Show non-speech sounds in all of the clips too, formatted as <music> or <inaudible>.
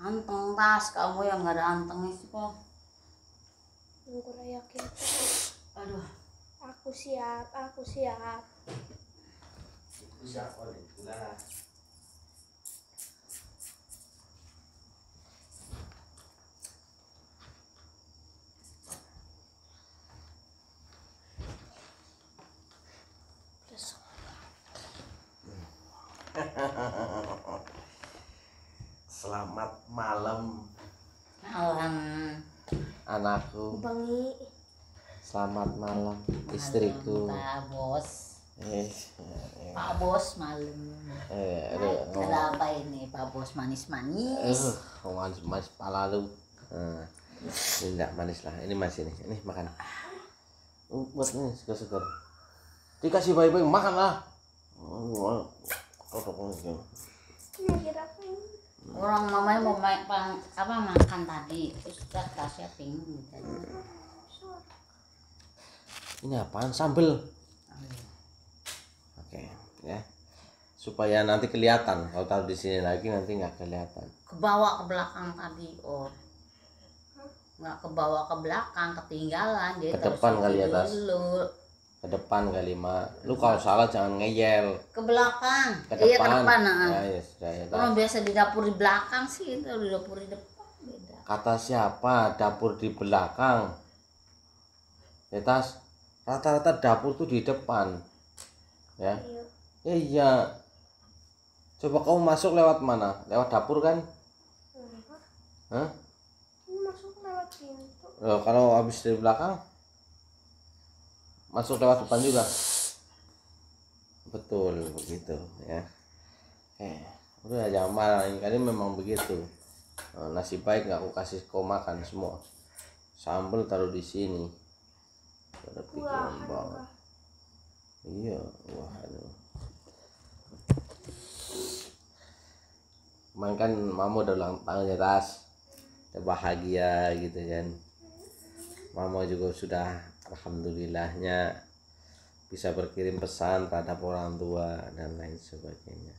anteng tas kamu yang nggak ada anteng sih kok aku kurang yakin aduh aku siap aku siap aku siap oleh Ha ha ha ha selamat malam. Malam. Anakku. Bengi. Selamat malam, malam istriku. Pak Bos. ya. Pak Bos malam. Eh, aduh, ada apa ini Pak Bos manis-manis? Uh, manis-manis palalu, lu. Eh, ini enggak manis lah. Ini masih nih. Ini makan. Uh, buat nih segar-segar. Dikasih baik-baik makan lah. Oh, oh, oh, oh, oh, oh orang mamanya mau main, apa makan tadi terus kasih pingin gitu ini apaan sambel oke okay, ya supaya nanti kelihatan kalau taruh di sini lagi nanti nggak kelihatan ke bawah ke belakang tadi oh nggak ke bawah ke belakang ketinggalan jadi ke depan kali atas dulu ke depan kali mak lu kalau iya. salah jangan ngeyel ke belakang ke depan, iya, ke depan nah. ya, yes, ya, ya, oh, biasa di dapur di belakang sih itu di dapur di depan kata siapa dapur di belakang ya tas rata-rata dapur tuh di depan ya iya, iya. coba kamu masuk lewat mana lewat dapur kan Hah? masuk lewat pintu Loh, kalau habis dari belakang masuk lewat depan juga betul begitu ya eh udah jangan marah ini kali memang begitu eh, nasi baik nggak aku kasih kau makan semua sambel taruh di sini ada pikiran banget iya wah aduh Cuman kan mama udah ulang tahun ya tas bahagia gitu kan Mama juga sudah alhamdulillahnya bisa berkirim pesan pada orang tua dan lain sebagainya nih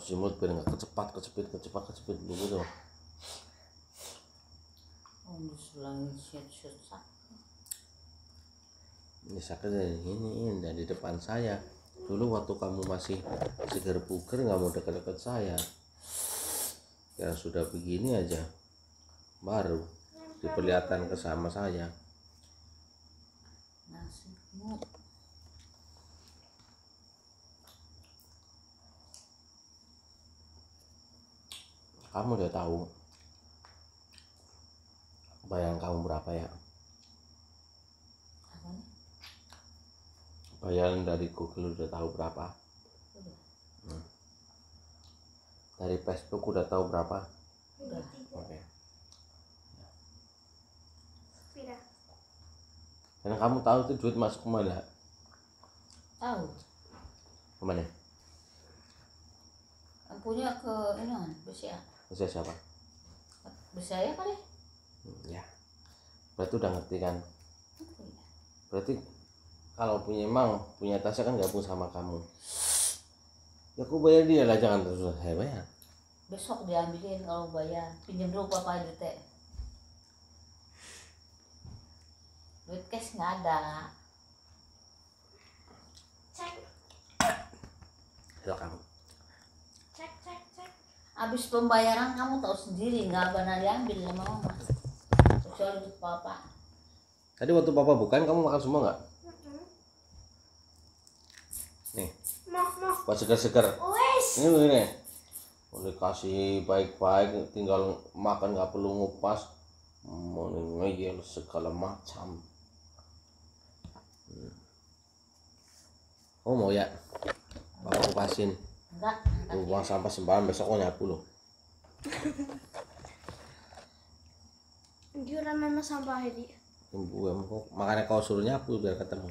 cuci mulut biar nggak kecepat kecepit kecepat kecepit Ini bisa dari ini di depan saya dulu waktu kamu masih seger puker nggak mau deket-deket saya ya sudah begini aja baru diperlihatkan ke sama saya kamu udah tahu bayang kamu berapa ya Bayang dari Google udah tahu berapa hmm. dari Facebook udah tahu berapa oke okay. dan kamu tahu tuh duit masuk kemana tahu kemana punya ke ini kan Besia Besia siapa Besia ya kali Hmm, ya berarti udah ngerti kan berarti kalau punya emang punya tasnya kan gabung sama kamu ya aku bayar dia lah jangan terus saya bayar besok diambilin kalau bayar pinjam dulu papa duit teh duit cash nggak ada cek kamu cek cek cek abis pembayaran kamu tahu sendiri nggak benar diambil sama mama bakso untuk papa tadi waktu papa bukan kamu makan semua nggak nih Mau, segar-segar ini begini mau dikasih baik-baik tinggal makan nggak perlu ngupas mau ngeyel segala macam hmm. oh mau ya bapak kupasin enggak, enggak. buang sampah sembarangan besok mau nyapu loh <laughs> Diorama sama Pak Hedi. Bukan, makanya kau suruhnya aku biar ketemu.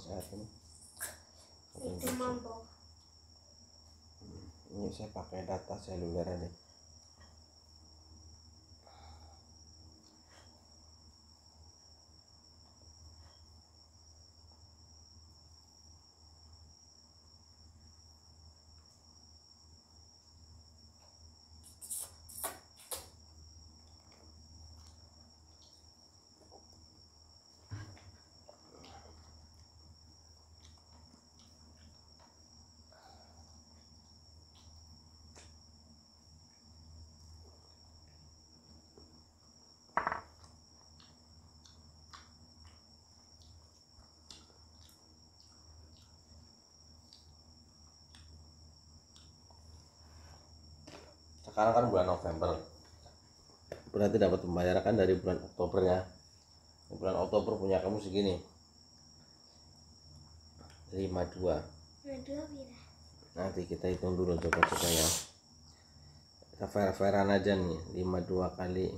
sehat ini itu mampu ini saya pakai data seluler aja sekarang kan bulan November berarti dapat kan dari bulan Oktober ya bulan Oktober punya kamu segini 52 52 nanti kita hitung dulu coba kita ya kita fair-fairan aja nih 52 kali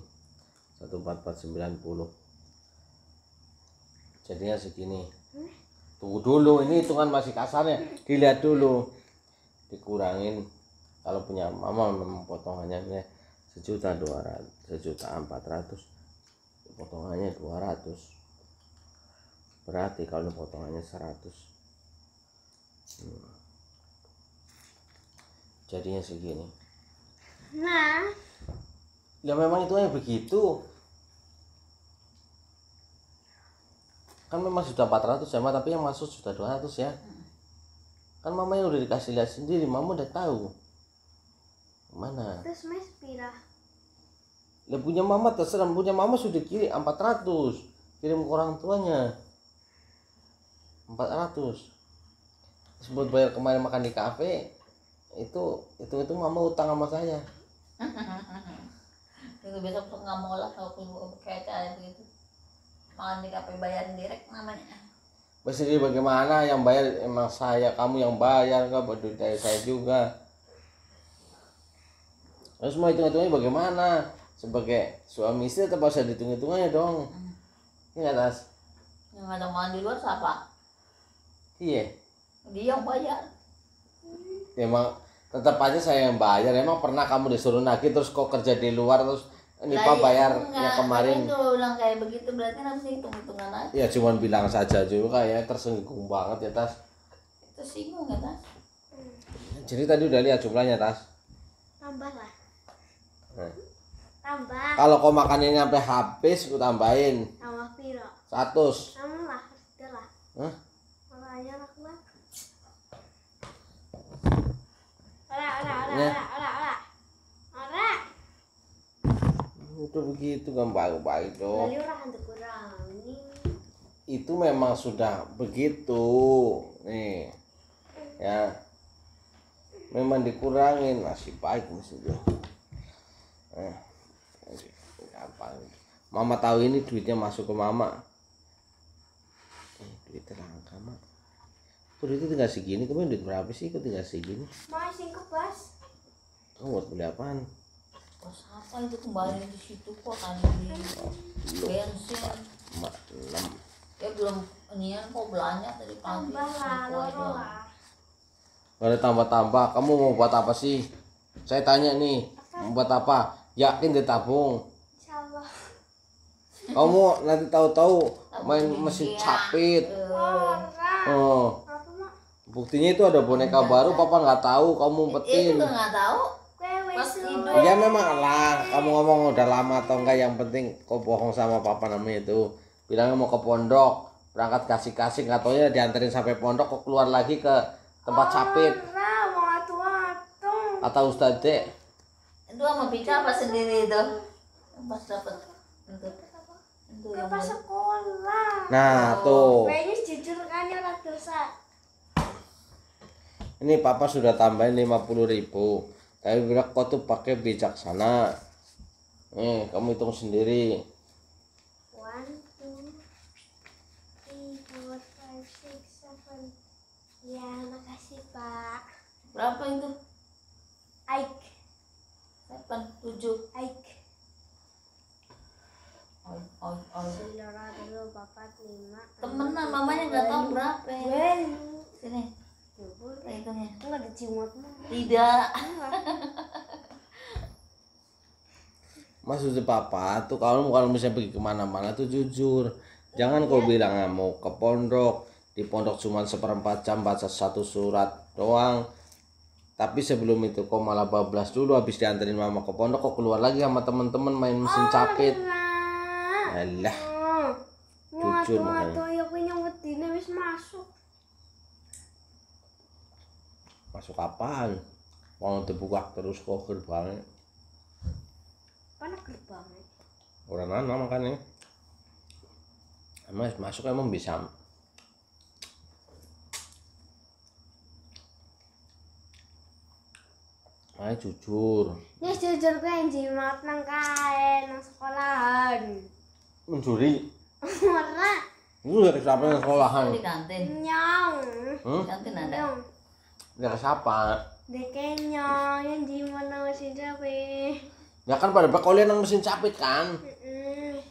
14490 jadinya segini hmm? tunggu dulu ini hitungan masih kasarnya dilihat dulu dikurangin kalau punya mama memang potongannya sejuta dua ratus sejuta empat ratus potongannya dua ratus berarti kalau potongannya seratus hmm. jadinya segini nah ya memang itu yang begitu kan memang sudah 400 ya ma, tapi yang masuk sudah dua ratus ya kan mama yang udah dikasih lihat sendiri mama udah tahu Mana? Terus mes pirah. Lah punya mama terserah, punya mama sudah kirim 400. Kirim ke orang tuanya. 400. sebut Sebut bayar kemarin makan di kafe itu itu itu mama utang sama saya. <laughs> Itu besok tuh nggak mau lah kalau punya kayak cara gitu Makan di kafe bayar direct namanya. Mas bagaimana yang bayar emang saya kamu yang bayar nggak duit dari saya juga nah, semua hitung-hitungnya bagaimana sebagai suami istri tetap harus ada hitung-hitungannya dong ini iya atas yang ada makan di luar siapa iya dia yang bayar emang tetap aja saya yang bayar emang pernah kamu disuruh nagih terus kok kerja di luar terus ini Nipa iya, bayar yang kemarin. Itu ulang kayak begitu berarti kan harus hitung-hitungan aja. Ya cuman bilang saja juga ya tersinggung banget ya Tas. Tersinggung ya Tas. Jadi tadi udah lihat jumlahnya Tas. Tambah. Kalau kau makannya nyampe habis, ku tambahin. Tambah piro? Satus. Kamu lah, gitu lah. Hah? Ora, ora, ora, ya. ora, ora, ora. Ora. Itu begitu gampang baik itu. Lalu ora hantu kurang. Itu memang sudah begitu. Nih. Ya. Memang dikurangin masih baik maksudnya. Eh, eh, apa mama tahu ini duitnya masuk ke mama eh, duit langka mak kok duitnya tinggal segini kemarin duit berapa sih kok tinggal segini masih ke bas kamu buat beli apaan bos apa itu kembali di situ kok tadi bensin mak enam ya belum ini kok belanja tadi pagi tambah lah ada tambah-tambah kamu mau buat apa sih saya tanya nih mau buat apa Yakin ditabung. Kamu nanti tahu-tahu main mesin capit. Eh. Oh. Buktinya itu ada boneka baru, Papa nggak tahu kamu petin Ya memang lah, kamu ngomong udah lama atau enggak yang penting kau bohong sama papa namanya itu. Bilangnya mau ke pondok, berangkat kasih-kasih nggak ya dianterin sampai pondok kok keluar lagi ke tempat capit. Atau Ustadz itu sama Pika apa sendiri itu pas dapat Untuk kan apa? pas sekolah nah oh. tuh Venus jujur kan orang ya, dosa ini papa sudah tambahin 50.000. ribu tapi bilang kok tuh pakai bijaksana nih eh, kamu hitung sendiri One, two, three, four, five, six, seven. Ya, makasih Pak. Berapa itu? I delapan tujuh aik temenan mamanya nggak tahu berapa ya. sini ya. kan ada tidak maksudnya papa tuh kalau kalau misalnya pergi kemana-mana tuh jujur jangan kau iya. bilang ah, mau ke pondok di pondok cuma seperempat jam baca satu surat doang tapi sebelum itu kok malah bablas dulu habis dianterin mama ke pondok kok keluar lagi sama teman-teman main mesin capit alah jujur makanya ya, masuk masuk apaan mau terbuka terus kok gerbangnya Panas gerbangnya orang mana makanya emang masuk emang bisa Ayo jujur. Ya jujur gue yang jimat nang kae nang sekolahan. Mencuri. Ora. Lu dari siapa nang sekolahan. Di kantin. Nyong. Hmm? Kantin ada. dari siapa? dari nyong yang jimat nang mesin capit. Ya kan pada kalian nang mesin capit kan? Mm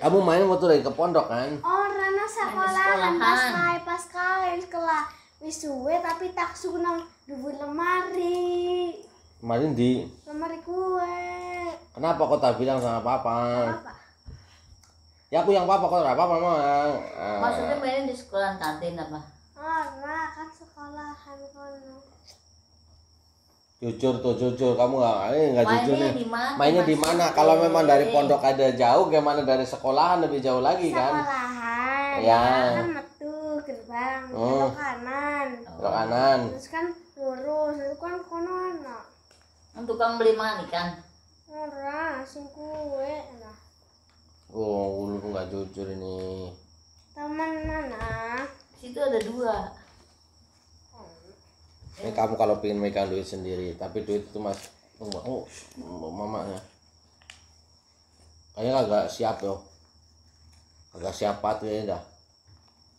Kamu main waktu dari ke pondok kan? Orang nang sekolahan pas kai pas kai sekolah wis suwe tapi tak suku nang dhuwur lemari. Lemari ndi? Lemari kue. Kenapa kok tak bilang sama papa? Apa? Ya aku yang papa kok enggak apa-apa, Mang. Ah. Maksudnya main di sekolah kantin apa? nah, kan sekolahan kono. Jujur tuh jujur kamu nggak eh nggak jujur nih. Dimana, Mainnya di mana? Kalau memang dari pondok ada jauh, gimana dari sekolahan lebih jauh lagi sekolahan, kan? Sekolahan. Ya. Kan bang oh. belok kanan belok kanan terus kan lurus itu kan kono anak tukang beli mana kan murah sing kue lah oh lu nggak jujur ini teman mana situ ada dua ini eh, kamu kalau pengen megang duit sendiri, tapi duit itu mas, oh, oh mamanya, kayaknya agak siap yo, agak siap banget ya dah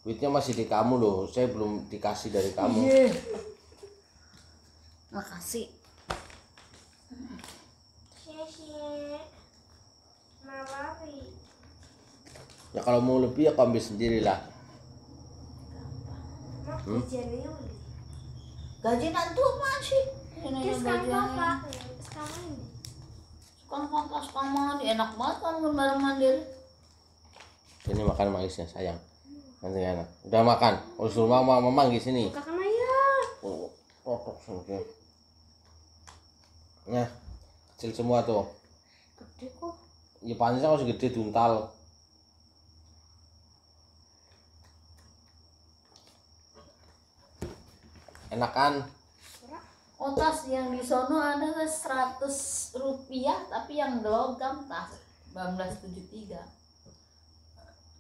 duitnya masih di kamu loh saya belum dikasih dari kamu iya. makasih ya kalau mau lebih ya kau ambil sendiri lah hmm? gaji nanti masih ini bagiannya sekarang ini kan kompos kamar enak banget kamu bareng mandiri ini makan maisnya sayang nanti enak kan. udah makan usul mama mama di sini kakak Maya oh, oh, oh nah kecil semua tuh gede kok ya panasnya harus gede duntal enak kan otas yang di sono ada 100 rupiah tapi yang logam tas 1973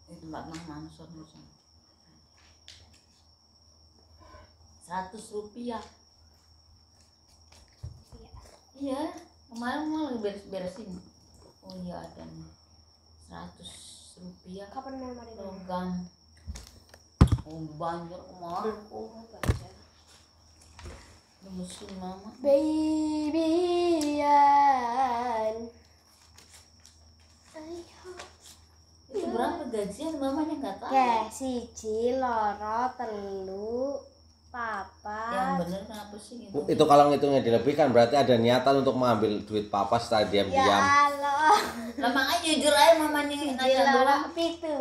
di tempat Mang Mansur seratus rupiah iya kemarin mau lagi beres beresin oh iya ada nih seratus rupiah kapan mau mari logam oh banjir kemarin oh banjir musim mama babyan ay Iya. Berapa gajian mamanya nggak tahu? Ya, siji, loro, telu, papa. Yang bener kenapa sih gitu? Itu kalau ngitungnya dilebihkan berarti ada niatan untuk mengambil duit papa setelah diam-diam. Ya Allah. Lah jujur aja mamanya nanya doang itu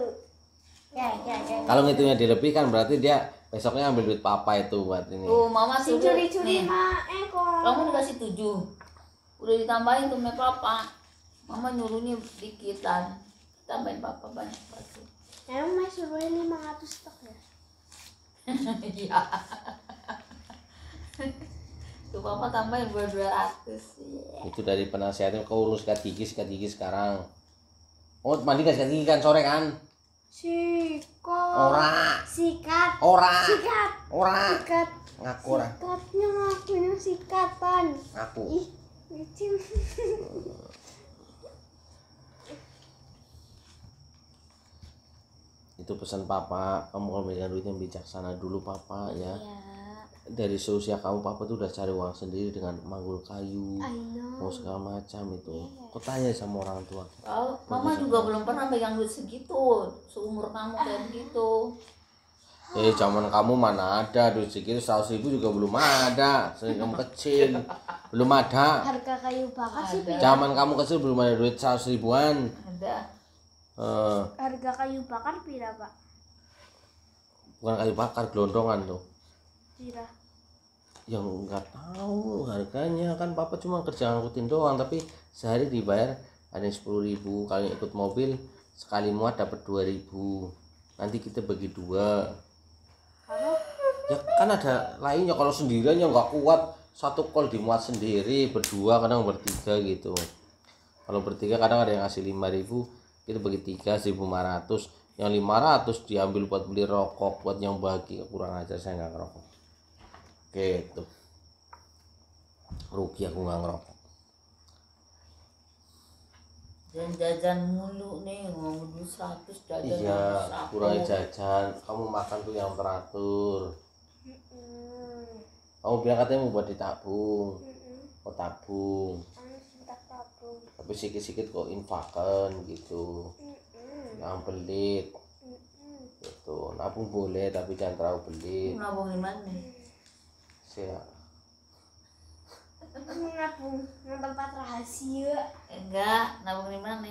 Ya, ya, ya. Kalau ngitungnya dilebihkan berarti dia besoknya ambil duit papa itu buat ini. Oh, mama sih curi-curi mak ekor. Kamu dikasih tujuh. Udah ditambahin tuh make papa. Mama nyuruhnya dikitan tambahin bapak banyak batu emang mas boleh 500 stok ya <laughs> iya tuh bapak tambahin buat 200 yeah. itu dari penasihatnya kau urus sikat gigi sikat gigi sekarang oh mandi gak sikat gigi kan sore kan sikat ora sikat ora sikat ora sikat ngaku ora sikatnya ngakunya sikatan ngaku ih licin <laughs> itu pesan papa kamu kalau megang duit yang bijaksana dulu papa ya iya. dari seusia kamu papa tuh udah cari uang sendiri dengan manggul kayu mau segala macam itu iya. kok tanya sama orang tua oh, mama juga macam. belum pernah megang duit segitu seumur kamu kayak gitu. eh zaman kamu mana ada duit segitu seratus ribu juga belum ada sering kamu kecil belum ada harga kayu bakar sih zaman kamu kecil belum ada duit seratus ribuan ada Eh. harga kayu bakar pira pak bukan kayu bakar gelondongan tuh pira yang nggak tahu harganya kan papa cuma kerja ngikutin doang tapi sehari dibayar ada sepuluh ribu kalau ikut mobil sekali muat dapat dua ribu nanti kita bagi dua Halo? ya kan ada lainnya kalau sendirian yang nggak kuat satu kol dimuat sendiri berdua kadang bertiga gitu kalau bertiga kadang ada yang ngasih lima ribu kita bagi tiga seribu lima ratus yang lima ratus diambil buat beli rokok buat yang bagi kurang aja saya nggak ngerokok gitu rugi aku nggak ngerokok dan jajan mulu nih ngomong dulu seratus jajan iya kurang jajan kamu makan tuh yang teratur kamu bilang katanya mau buat ditabung mm tabung tapi sikit-sikit kok infakan gitu yang pelit itu nabung boleh tapi jangan terlalu pelit nabung di mana siap nabung tempat rahasia enggak nabung di mana